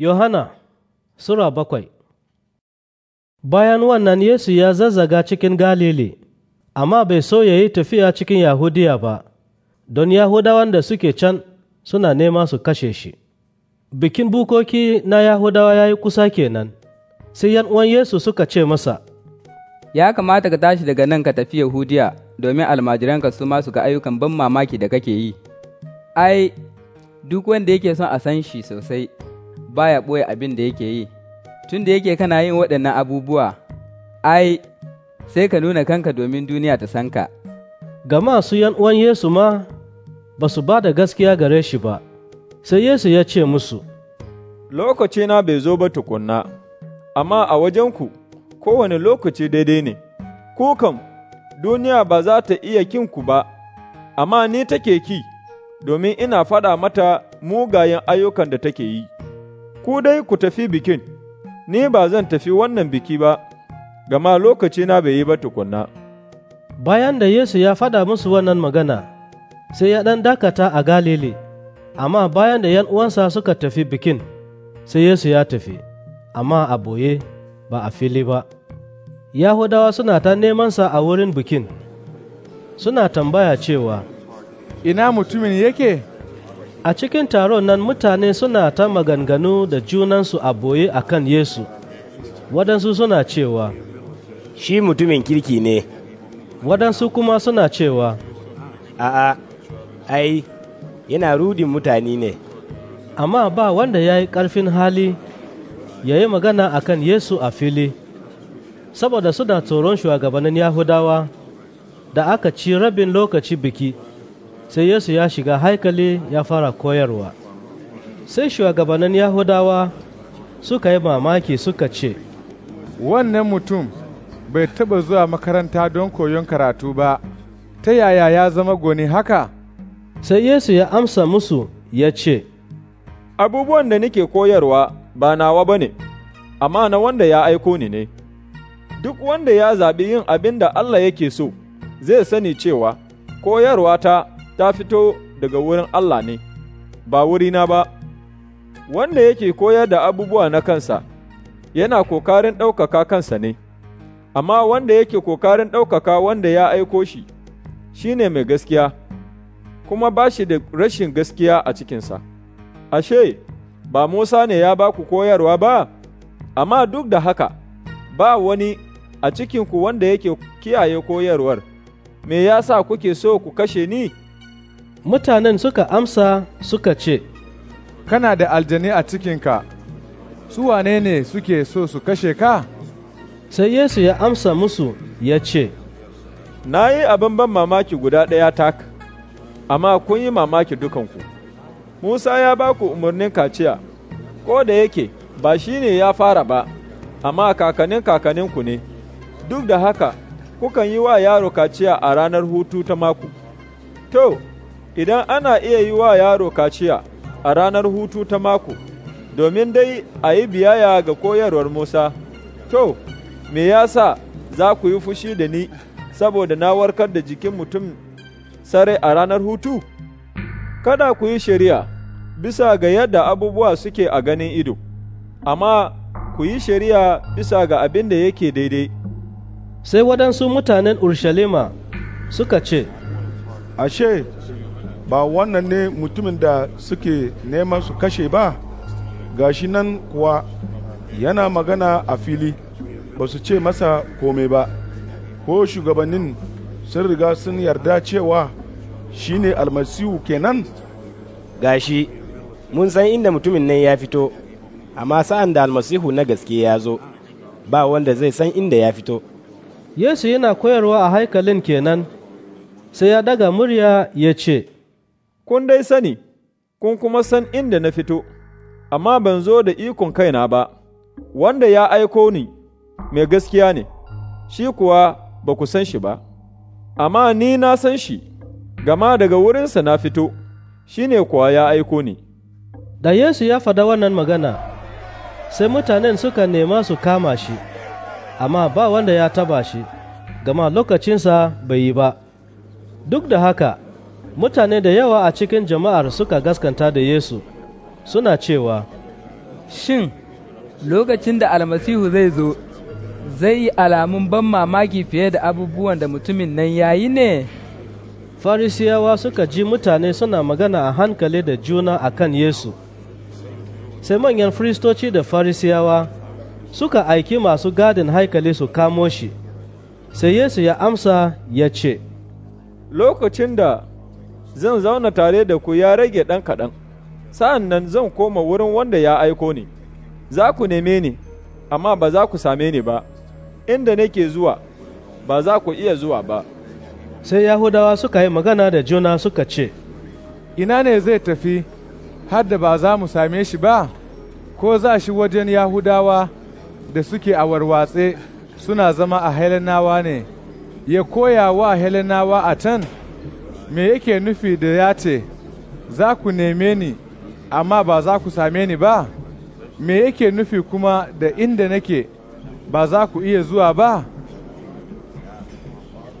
Yohana Sura bakwai Bayan wannan Yesu ya zazzaga cikin Galili, amma bai so ya yi tafiya cikin Yahudiya ba, don Yahudawan da suke can suna nema su kashe shi. Bikin bukoki na Yahudawa ya yi kusa kenan, sai uwan Yesu suka ce masa, Ya kamata ka tashi daga nan ka tafi Yahudiya domin almajiranka su masu ga ayyukan ban mamaki da kake yi. Ai, duk wanda yake son a san shi sosai. ba ya ɓoye abin da yake yi, tun da yake kana yin waɗannan abubuwa, ai, sai ka nuna kanka domin duniya ta san ka. Gama su uwan Yesu ma ba su ba da gaskiya gare shi ba, sai Yesu ya ce musu, Lokacina bai zo ba tukunna, amma a wajenku kowane lokaci daidai ne, kukan duniya ba za ta iya kinku ba, amma ni take ki, domin ina faɗa mata mugayen ayyukan da take yi. ku dai ku tafi bikin, ni ba zan tafi wannan biki ba, gama lokaci na bai yi ba tukunna. Bayan da Yesu ya faɗa musu wannan magana, sai ya ɗan dakata a Galili, amma bayan da ‘yan uwansa suka tafi bikin, sai Yesu ya tafi, amma a boye ba a fili ba. Yahudawa suna ta nemansa a wurin bikin, suna tambaya cewa, Ina mutumin yake? a cikin taron nan mutane suna ta maganganu da junansu a boye a kan Yesu, waɗansu suna cewa, Shi mutumin kirki ne, waɗansu kuma suna cewa, A'a, ai, yana rudin mutane ne. Amma ba wanda ya yi ƙarfin hali ya yi magana a kan Yesu a fili, saboda suna tsoron shugabannin Yahudawa da aka ci rabin lokaci biki. sai Yesu ya shiga haikali ya fara koyarwa. Sai shugabannin Yahudawa suka yi mamaki suka ce, Wannan mutum bai taɓa zuwa makaranta don koyon karatu ba, ta yaya ya zama goni haka? Sai Yesu ya amsa musu ya ce, Abubuwan da nake koyarwa ba nawa ba ne, amma na wanda ya aiko ni ne. Duk wanda ya zaɓi yin abin da Allah yake so, zai sani cewa koyarwa ta ta fito daga wurin Allah ne, ba wurina ba, wanda yake koyar da abubuwa na kansa, yana kokarin ɗaukaka kansa ne, amma wanda yake kokarin ɗaukaka wanda ya aiko shi, shi ne mai gaskiya, kuma ba shi da rashin gaskiya a cikinsa. Ashe, ba Musa ne ya ba ku koyarwa ba, amma duk da haka, ba wani a cikinku wanda yake kiyaye koyarwar, me ya sa kuke so ku kashe ni?’ mutanen suka amsa suka ce, Kana da aljani a cikinka, su wane ne suke so su kashe ka? Sai Yesu ya amsa musu ya ce, Na yi abin ban mamaki guda ɗaya tak, amma kun yi mamaki dukanku. Musa ya ba ku umarnin kaciya, ko da yake ba shi ne ya fara ba, amma kakanin kakaninku ne, duk da haka kukan yi wa yaro kaciya a ranar hutu ta mako. To, idan ana iya yi wa yaro kaciya a ranar hutu ta mako, domin dai a yi biyaya ga koyarwar Musa, to, me ya sa za ku yi fushi da ni saboda na warkar da jikin mutum sare a ranar hutu? Kada ku yi shari'a bisa ga yadda abubuwa suke a ganin ido, amma ku yi shari'a bisa ga abin da yake daidai. Sai waɗansu mutanen Urshalima suka ce, Ashe, ba wannan ne mutumin da suke neman su kashe ba gashi nan kuwa yana magana a fili ba su ce masa kome ba ko shugabannin sun riga sun yarda cewa shi ne almasihu kenan gashi mun san inda mutumin nan ya fito amma sa'an da almasihu na gaske ya zo ba wanda zai san inda ya fito yesu yana koyarwa a haikalin kenan sai ya daga murya ya ce kun dai sani, kun kuma san inda na fito, amma ban zo da ikon kaina ba, wanda ya aiko ni mai gaskiya ne, shi kuwa ba ku san shi ba, amma ni na san shi, gama daga wurinsa na fito, shi ne kuwa ya aiko ni. Da Yesu ya faɗa wannan magana, sai mutanen suka nema su kama shi, amma ba wanda ya taba shi, gama lokacinsa bai yi ba. Duk da haka, mutane da yawa a cikin jama'ar suka gaskanta da Yesu suna cewa, Shin, lokacin da almasihu zai zo, zai yi alamun ban mamaki fiye da abubuwan da mutumin nan yayi ne? Farisiyawa suka ji mutane suna magana a hankali da juna a kan Yesu. Sai manyan firistoci da farisiyawa suka aiki masu gadin haikali su kamo shi, sai Yesu ya amsa ya ce, Lokacin da zan zauna tare da ku ya rage ɗan kaɗan, sa'an nan zan koma wurin wanda ya aiko ni, za ku neme ni, amma ba za ku same ni ba, inda nake zuwa, ba za ku iya zuwa ba. Sai Yahudawa suka yi magana da juna suka ce, Ina ne zai tafi, har da ba za mu same shi ba, ko za shi wajen Yahudawa da suke a warwatse suna zama a Helenawa ne, ya koya wa Helenawa a can. me yake nufi da ya ce, Za ku neme ni, amma ba za ku same ni ba? Me yake nufi kuma da inda nake ba za ku iya zuwa ba?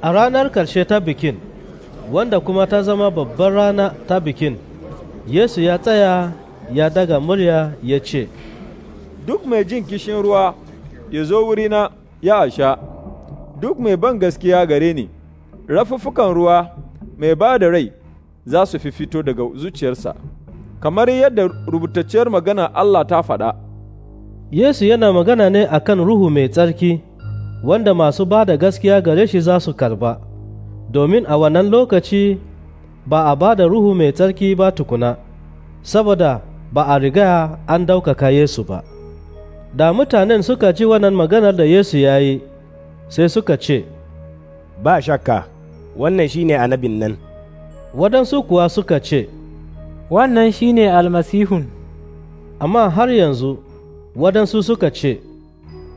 A ranar karshe ta bikin, wanda kuma ta zama babban rana ta bikin, Yesu ya tsaya ya daga murya ya ce, Duk mai jin kishin ruwa ya zo wurina ya sha, duk mai ban gaskiya gare ni, rafuffukan ruwa mai ba da rai za su fito daga zuciyarsa, kamar yadda rubutacciyar magana Allah ta faɗa. Yesu yana magana ne a kan Ruhu mai tsarki, wanda masu ba da gaskiya gare shi za su karba, domin a wannan lokaci ba a ba da Ruhu mai tsarki ba tukuna, saboda ba a riga an ɗaukaka Yesu ba. Da mutanen suka ci wannan maganar da Yesu ya yi, sai suka ce, Ba shakka. wannan shine annabin nan waɗansu kuwa suka ce wannan shine almasihun amma har yanzu waɗansu suka ce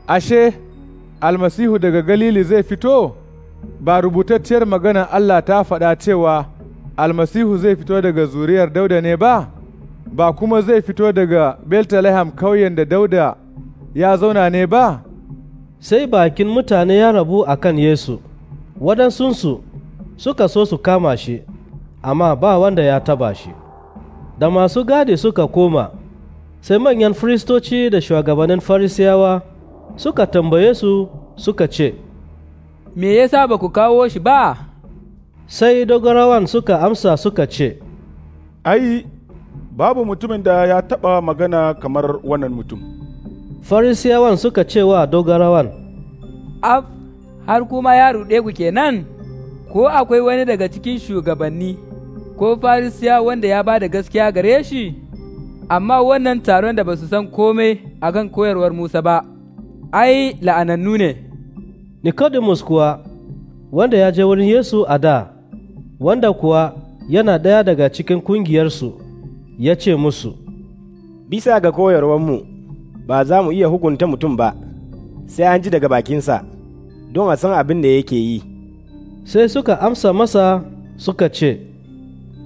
ashe almasihu daga galili zai fito ba rubutacciyar magana allah ta faɗa cewa almasihu zai fito daga zuriyar dauda ne ba ba kuma zai fito daga beltalaham kauyen da dauda ya zauna ne ba sai bakin mutane ya rabu a kan yesu waɗansunsu suka so su kama shi amma ba wanda ya taba shi da masu gadi suka koma sai manyan firistoci da shugabannin farisiyawa suka tambaye su suka ce me yasa ba ku kawo shi ba sai dogarawan suka amsa suka ce ai babu mutumin da ya taba magana kamar wannan mutum farisiyawan suka ce wa dogarawan af har kuma ya ruɗe ku kenan ko akwai wani daga cikin shugabanni ko farisiya wanda ya ba da gaskiya gare shi, amma wannan taron da ba su san kome a kan koyarwar Musa ba, ai, la'anannu ne. Nicodemus kuwa, wanda ya je wurin Yesu a da, wanda kuwa yana ɗaya daga cikin kungiyarsu, ya ce musu, Bisa ga koyarwar mu ba za mu iya hukunta mutum ba, sai an ji daga bakinsa, don a san abin da yake yi. sai suka amsa masa suka ce,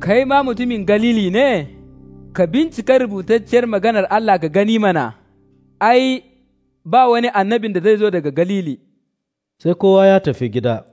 Kai ma mutumin Galili ne, ka bincika rubutacciyar maganar Allah ka gani mana, ai, ba wani annabin da zai zo daga Galili. Sai kowa ya tafi gida.